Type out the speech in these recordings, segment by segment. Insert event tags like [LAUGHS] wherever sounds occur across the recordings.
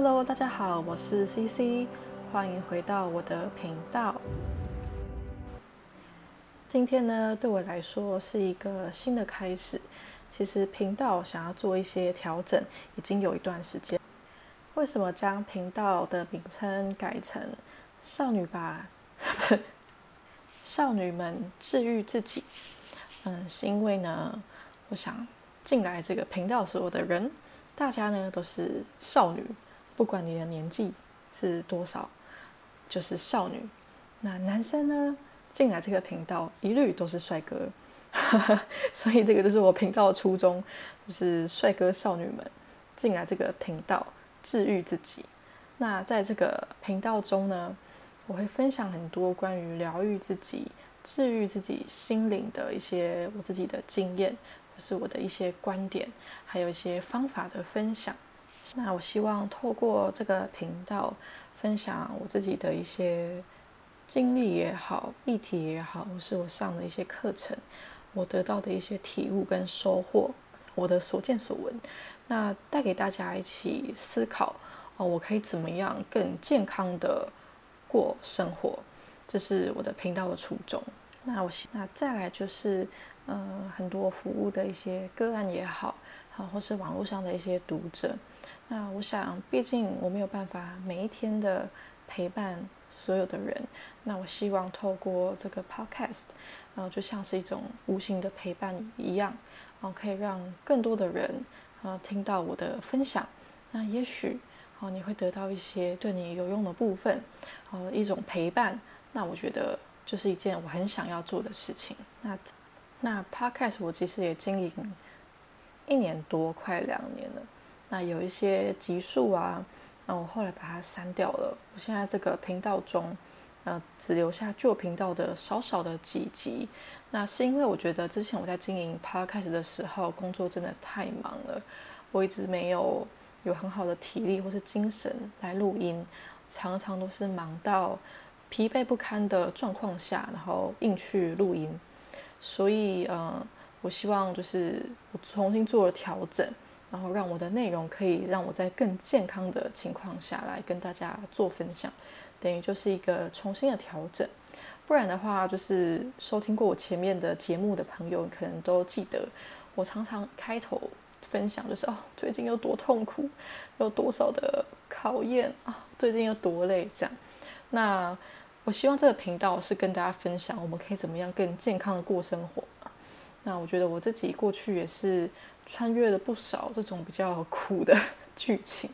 Hello，大家好，我是 CC，歡迎回到我的頻道。今天呢，對我來說是一個新的開始。其實頻道想要做一些調整，已經有一段時間。為什麼將頻道的名稱改成“少女吧”？ [LAUGHS] 少女們治愈自己。嗯，是因為呢，我想進來這個頻道所有的人，大家呢都是少女。不管你的年紀是多少，就是少女。那男生呢？進來這個頻道，一律都是帥哥。 [LAUGHS] 所以這個就是我頻道的初衷，就是帥哥少女們進來這個頻道治癒自己。那在這個頻道中呢，我會分享很多關於療癒自己、治癒自己心靈的一些我自己的經驗，或、就是我的一些觀點，還有一些方法的分享。那我希望透過這個頻道分享我自己的一些經歷也好，議題也好，或是我上的一些課程，我得到的一些體悟跟收穫，我的所見所聞，那帶給大家一起思考哦，我可以怎麼樣更健康的過生活？這是我的頻道的初衷。那我希望，那再來就是，呃，很多服務的一些個案也好。啊，或是網絡上的一些讀者，那我想，畢竟我沒有辦法每一天的陪伴所有的人，那我希望透過這個 podcast，然後，呃，就像是一種無形的陪伴一樣，然後，呃，可以讓更多的人啊、呃、聽到我的分享，那也許、呃、你會得到一些對你有用的部分、呃，一種陪伴，那我覺得就是一件我很想要做的事情。那那 podcast 我其實也經營。一年多，快兩年了。那有一些集數啊，那我後來把它刪掉了。我現在這個頻道中，呃，只留下舊頻道的少少的幾集。那是因爲我覺得之前我在經營 Podcast 開始的時候，工作真的太忙了，我一直沒有有很好的體力或是精神來錄音，常常都是忙到疲憊不堪的狀況下，然後硬去錄音。所以，呃。我希望就是我重新做了調整，然後讓我的內容可以讓我在更健康的情況下來跟大家做分享，等於就是一個重新的調整。不然的話，就是收聽過我前面的節目的朋友可能都記得，我常常開頭分享就是哦，最近有多痛苦，有多少的考驗啊，哦，最近有多累這樣。那我希望這個頻道是跟大家分享，我們可以怎麼樣更健康的過生活。那我覺得我自己過去也是穿越了不少這種比較苦的劇情，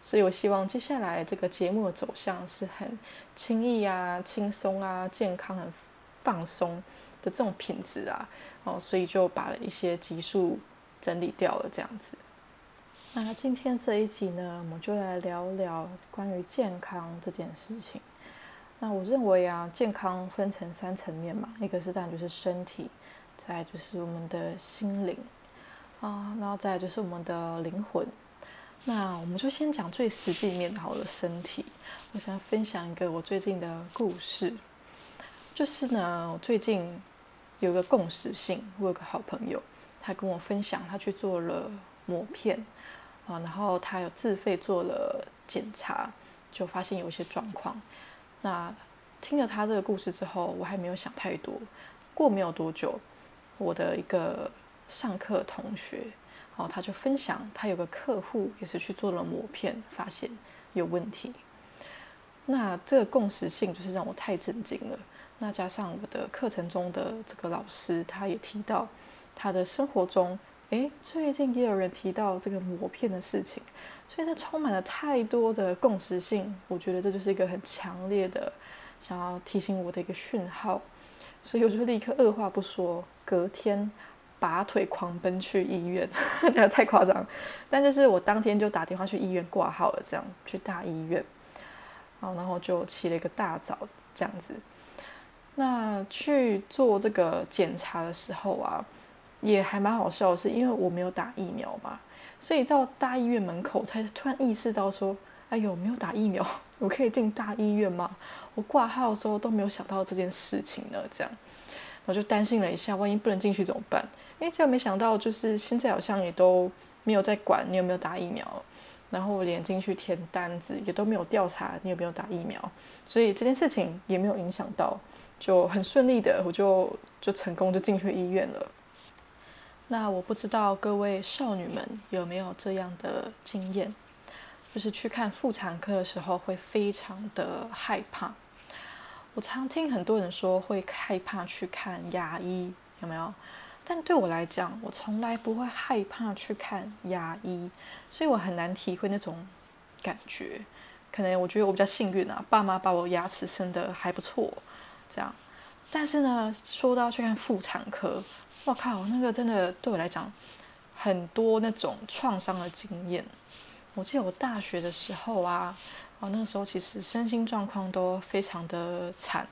所以我希望接下來這個節目的走向是很輕易啊、輕鬆啊、健康、很放鬆的這種品質啊，哦，所以就把了一些集數整理掉了，這樣子。那今天這一集呢，我們就來聊聊關於健康這件事情。那我認為啊，健康分成三層面嘛，一個是當然就是身體，再來就是我們的心靈啊，然後再來就是我們的靈魂。那我們就先講最實際面好了，身體。我想要分享一個我最近的故事，就是呢，我最近有一個共識性，我有個好朋友，他跟我分享，他去做了抹片啊，然後他有自費做了檢查，就發現有一些狀況。那聽了他這個故事之後，我還沒有想太多。過沒有多久。我的一個上課同學，然後他就分享，他有個客戶也是去做了抹片，發現有問題。那這個共識性就是讓我太震驚了。那加上我的課程中的這個老師，他也提到，他的生活中，哎，最近也有人提到這個抹片的事情，所以這充滿了太多的共識性。我覺得這就是一個很強烈的，想要提醒我的一個訊號。所以我就立刻二話不說，隔天拔腿狂奔去醫院，呵呵太誇張。但就是我當天就打電話去醫院掛號了，這樣去大醫院。好，然後就起了一個大早，這樣子。那去做這個檢查的時候啊，也還蠻好笑的是，因為我沒有打疫苗嘛，所以到大醫院門口才突然意識到說。哎呦，沒有打疫苗，我可以進大醫院嗎？我掛號的時候都沒有想到這件事情呢，這樣，我就擔心了一下，萬一不能進去怎麼辦？哎，這樣沒想到，就是現在好像也都沒有在管你有沒有打疫苗，然後我連進去填單子也都沒有調查你有沒有打疫苗，所以這件事情也沒有影響到，就很順利的我就就成功就進去醫院了。那我不知道各位少女們有沒有這樣的經驗？就是去看婦產科的時候會非常的害怕。我常聽很多人說會害怕去看牙醫，有沒有？但對我來講，我從來不會害怕去看牙醫，所以我很難體會那種感覺。可能我覺得我比較幸運啊，爸媽把我牙齒生得還不錯，這樣。但是呢，說到去看婦產科，我靠，那個真的對我來講，很多那種創傷的經驗。我記得我大學的時候啊，啊，那個時候其實身心狀況都非常的慘，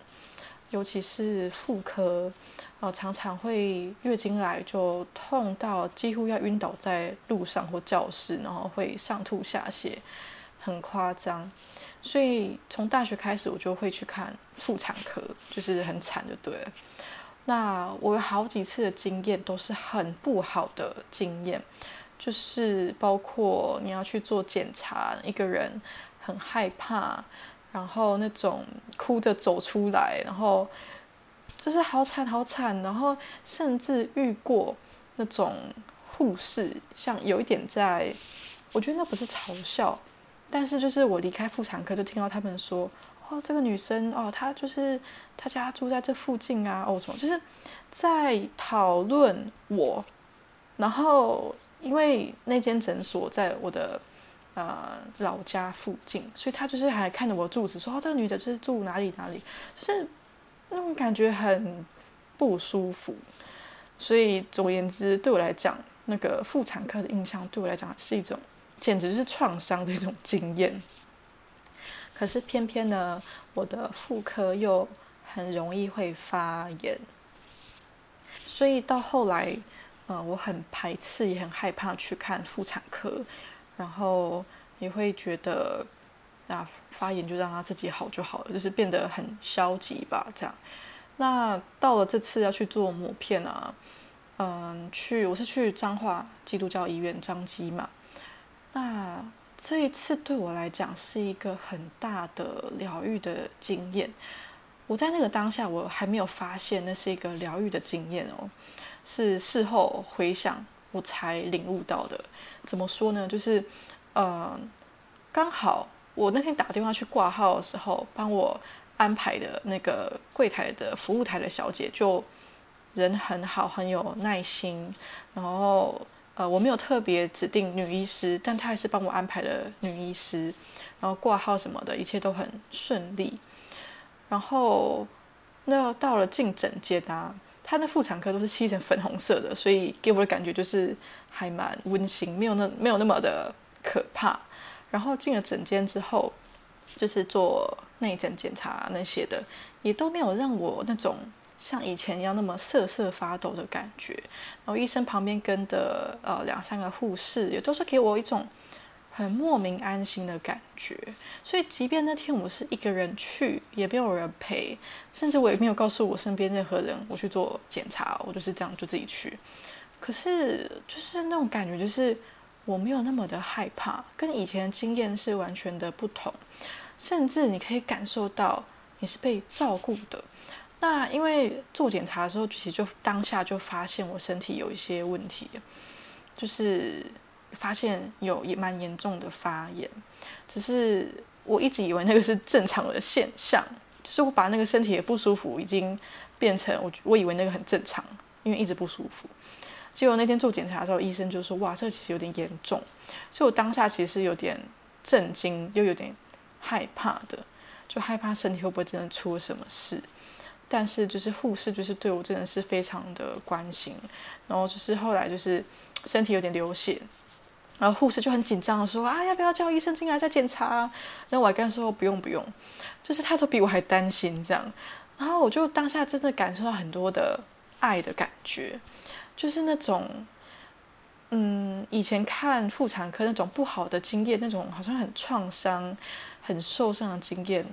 尤其是婦科，啊，常常會月經來就痛到幾乎要暈倒在路上或教室，然後會上吐下瀉，很誇張。所以從大學開始，我就會去看婦產科，就是很慘就對了。那我有好幾次的經驗都是很不好的經驗。就是包括你要去做檢查，一個人很害怕，然後那種哭着走出來，然後就是好慘好慘，然後甚至遇過那種護士，像有一點在，我覺得那不是嘲笑，但是就是我離開婦產科就聽到他們說，哦，這個女生哦，她就是她家住在這附近啊，哦什麼，就是在討論我，然後。因為那間診所在我的呃老家附近，所以他就是還看着我住址說：“哦，這個女的就是住哪裡哪裡。”就是那種、嗯、感覺很不舒服。所以總而言之，對我來講，那個婦產科的印象對我來講是一種，簡直是創傷的一種經驗。可是偏偏呢，我的婦科又很容易會發炎，所以到後來。呃、嗯，我很排斥，也很害怕去看婦產科，然後也會覺得啊，發炎就讓他自己好就好了，就是變得很消極吧，這樣。那到了這次要去做抹片啊，嗯，去我是去彰化基督教醫院彰基嘛。那這一次對我來講是一個很大的療癒的經驗。我在那個當下，我還沒有發現那是一個療癒的經驗哦。是事後回想，我才領悟到的。怎麼說呢？就是，呃，剛好我那天打電話去掛號的時候，幫我安排的那個櫃台的服務台的小姐就人很好，很有耐心。然後，呃，我沒有特別指定女醫師，但她還是幫我安排了女醫師。然後掛號什麼的，一切都很順利。然後，那到了進診間啊，他的婦產科都是漆成粉紅色的，所以給我的感覺就是還蠻溫馨，沒有那沒有那麼的可怕。然後進了診間之後，就是做內診檢查啊，那些的，也都沒有讓我那種像以前一樣那麼瑟瑟發抖的感覺。然後醫生旁邊跟的呃兩三個護士也都是給我一種。很莫名安心的感覺，所以即便那天我是一個人去，也沒有人陪，甚至我也沒有告訴我身邊任何人我去做檢查，我就是這樣就自己去。可是就是那種感覺，就是我沒有那麼的害怕，跟以前的經驗是完全的不同，甚至你可以感受到你是被照顧的。那因為做檢查的時候，其實就當下就發現我身體有一些問題，就是。發現有也蠻嚴重的發炎，只是我一直以為那個是正常的現象，就是我把那個身體也不舒服，已經變成我我以為那個很正常，因為一直不舒服。結果那天做檢查的時候，醫生就說：“哇，這其實有點嚴重。”所以我當下其實有點震驚，又有點害怕的，就害怕身體會不會真的出了什麼事。但是就是護士就是對我真的是非常的關心，然後就是後來就是身體有點流血。然後護士就很緊張的說：“啊，要不要叫醫生進來再檢查啊？”然後我還跟他說：“不用不用。”就是他都比我還擔心這樣。然後我就當下真的感受到很多的愛的感覺，就是那種，嗯，以前看婦產科那種不好的經驗，那種好像很創傷、很受傷的經驗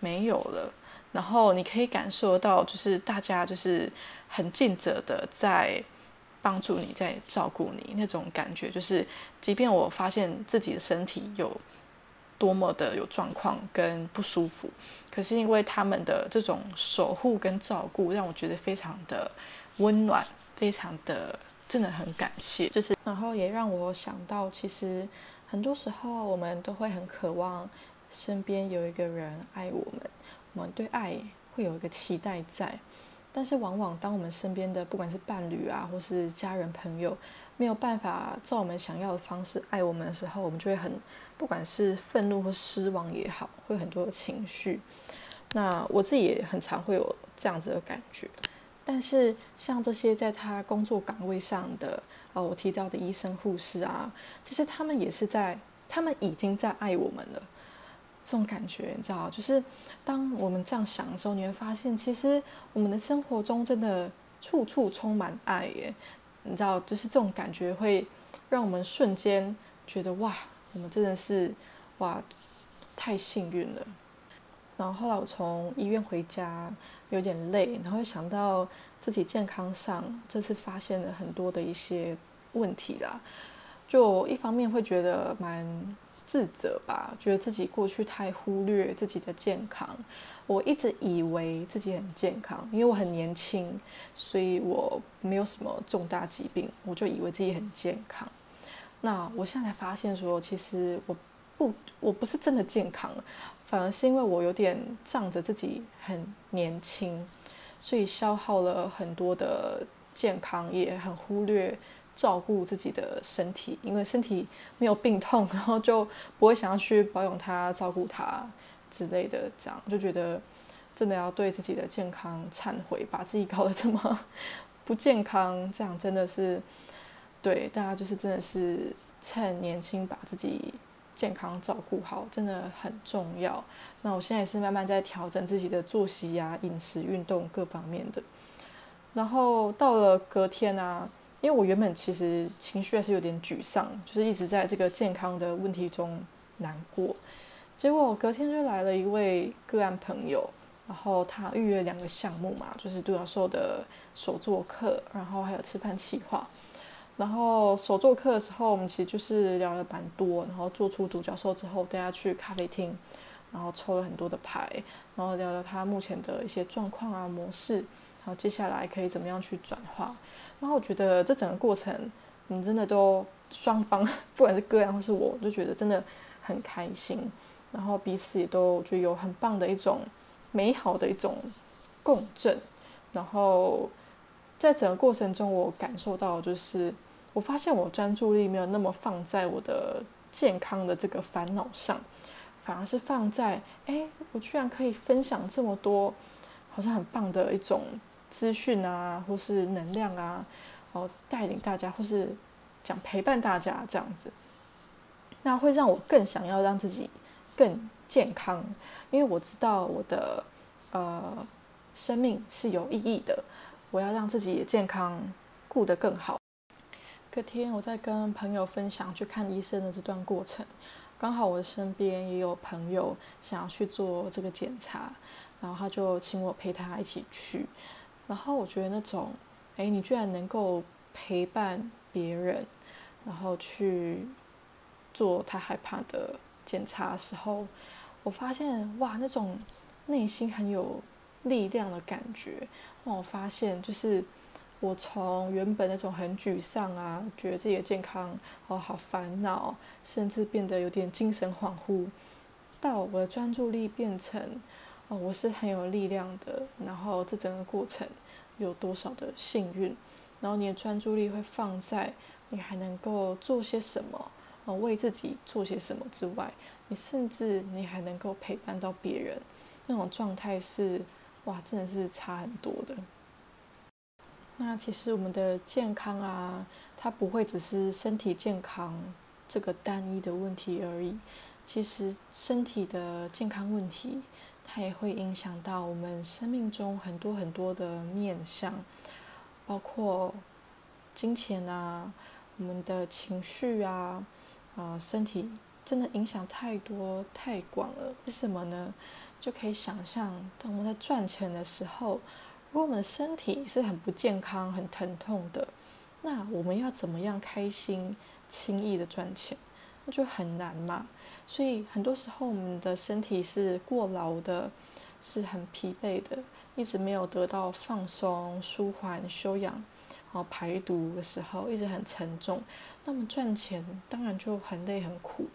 沒有了。然後你可以感受到，就是大家就是很盡責的在。幫助你，在照顧你那種感覺，就是，即便我發現自己的身體有多麼的有狀況跟不舒服，可是因為他們的這種守護跟照顧，讓我覺得非常的溫暖，非常的真的很感謝。就是，然後也讓我想到，其實很多時候我們都會很渴望身邊有一個人愛我們，我們對愛會有一個期待在。但是，往往當我們身邊的不管是伴侶啊，或是家人朋友，沒有辦法照我們想要的方式愛我們的時候，我們就會很，不管是憤怒或失望也好，會有很多的情緒。那我自己也很常會有這樣子的感覺。但是，像這些在他工作崗位上的，啊，我提到的醫生、護士啊，其實他們也是在，他們已經在愛我們了。這種感覺，你知道，就是當我們這樣想的時候，你會發現，其實我們的生活中真的處處充滿愛耶。你知道，就是這種感覺會讓我們瞬間覺得哇，我們真的是哇，太幸運了。然後後來我從醫院回家，有點累，然後想到自己健康上這次發現了很多的一些問題啦，就一方面會覺得蠻。自責吧，覺得自己過去太忽略自己的健康。我一直以為自己很健康，因為我很年輕，所以我沒有什麼重大疾病，我就以為自己很健康。那我現在才發現說，其實我不我不是真的健康，反而是因為我有點仗着自己很年輕，所以消耗了很多的健康，也很忽略。照顧自己的身體，因為身體沒有病痛，然後就不會想要去保養它、照顧它之類的，這樣就覺得真的要對自己的健康懺悔，把自己搞得這麼不健康，這樣真的是對大家就是真的是趁年輕把自己健康照顧好，真的很重要。那我現在也是慢慢在調整自己的作息啊、飲食、運動各方面的，然後到了隔天啊。因為我原本其實情緒還是有點沮喪，就是一直在這個健康的問題中難過。結果隔天就來了一位個案朋友，然後他預約兩個項目嘛，就是獨角獸的手作課，然後還有吃飯企劃。然後手作課的時候，我們其實就是聊了蠻多，然後做出獨角獸之後，帶他去咖啡廳。然後抽了很多的牌，然後聊聊他目前的一些狀況啊、模式，然後接下來可以怎麼樣去轉化。然後我覺得這整個過程，你真的都雙方，不管是個人或是我，我就覺得真的很開心。然後彼此也都覺得有很棒的一種美好的一種共振。然後在整個過程中，我感受到就是，我發現我專注力沒有那麼放在我的健康的這個煩惱上。反而是放在，誒、欸，我居然可以分享這麼多，好像很棒的一種資訊啊，或是能量啊，哦，帶領大家，或是講陪伴大家這樣子，那會讓我更想要讓自己更健康，因為我知道我的呃生命是有意義的，我要讓自己也健康，過得更好。隔天，我在跟朋友分享去看醫生的這段過程。剛好我的身邊也有朋友想要去做這個檢查，然後他就請我陪他一起去。然後我覺得那種，誒，你居然能夠陪伴別人，然後去做他害怕的檢查的時候，我發現哇，那種內心很有力量的感覺，讓我發現就是。我從原本那種很沮喪啊，覺得自己的健康，哦，好煩惱，甚至變得有點精神恍惚，到我的專注力變成，哦，我是很有力量的，然後這整個過程有多少的幸運，然後你的專注力會放在你還能夠做些什麼，哦，為自己做些什麼之外，你甚至你還能夠陪伴到別人，那種狀態是，哇，真的是差很多的。那其實我們的健康啊，它不會只是身體健康這個單一的問題而已。其實身體的健康問題，它也會影響到我們生命中很多很多的面向，包括金錢啊，我們的情緒啊，啊、呃、身體真的影響太多太廣了。為什麼呢？就可以想象，當我們在賺錢的時候。如果我們的身體是很不健康、很疼痛的，那我們要怎麼樣開心、輕易的賺錢？那就很難嘛。所以很多時候我們的身體是過勞的，是很疲憊的，一直沒有得到放鬆、舒緩、休養，然後排毒的時候一直很沉重，那麼賺錢當然就很累、很苦，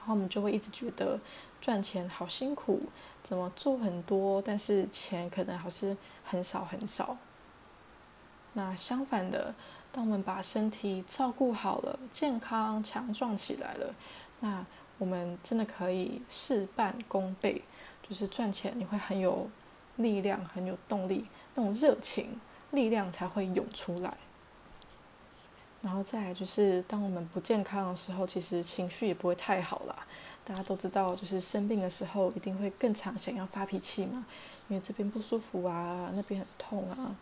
然後我們就會一直覺得賺錢好辛苦。怎麼做很多，但是錢可能還是很少很少。那相反的，當我們把身體照顧好了，健康強壯起來了，那我們真的可以事半功倍，就是賺錢你會很有力量，很有動力，那種熱情，力量才會湧出來。然後再來就是，當我們不健康的時候，其實情緒也不會太好啦。大家都知道，就是生病的時候，一定會更常想要發脾氣嘛，因為這邊不舒服啊，那邊很痛啊，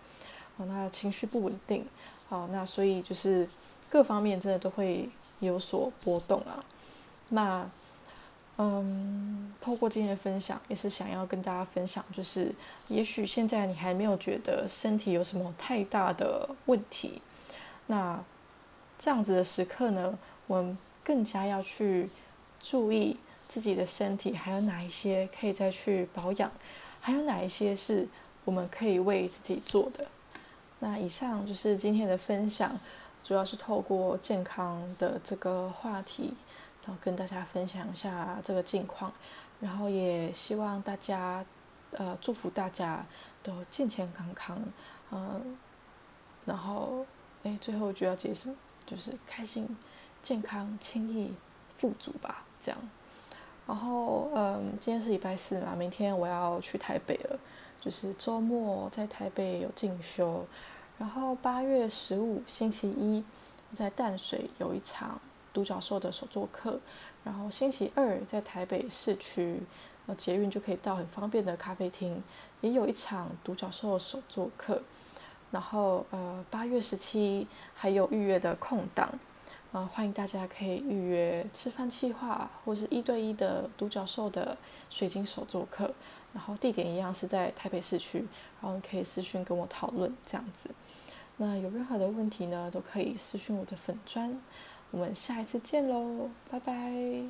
那情緒不穩定，好，那所以就是各方面真的都會有所波動啊。那，嗯，透過今天的分享，也是想要跟大家分享，就是也許現在你還沒有覺得身體有什麼太大的問題，那，這樣子的時刻呢，我們更加要去注意自己的身體，還有哪一些可以再去保養，還有哪一些是我們可以為自己做的。那以上就是今天的分享，主要是透過健康的這個話題，然後跟大家分享一下這個近況，然後也希望大家呃，祝福大家都健健康康，嗯，然後哎最後就要結束。就是開心、健康、輕易、富足吧，這樣。然後，嗯，今天是禮拜四嘛，明天我要去台北了，就是周末在台北有進修。然後八月十五星期一在淡水有一場獨角獸的手作課，然後星期二在台北市區，呃，捷運就可以到很方便的咖啡廳，也有一場獨角獸的手作課。然後，呃，八月十七還有預約的空檔，啊、呃，歡迎大家可以預約吃飯企劃或是一對一的獨角獸的水晶手作課。然後地點一樣是在台北市區，然後可以私訊跟我討論這樣子。那有任何的問題呢，都可以私訊我的粉專。我們下一次見嘍，拜拜。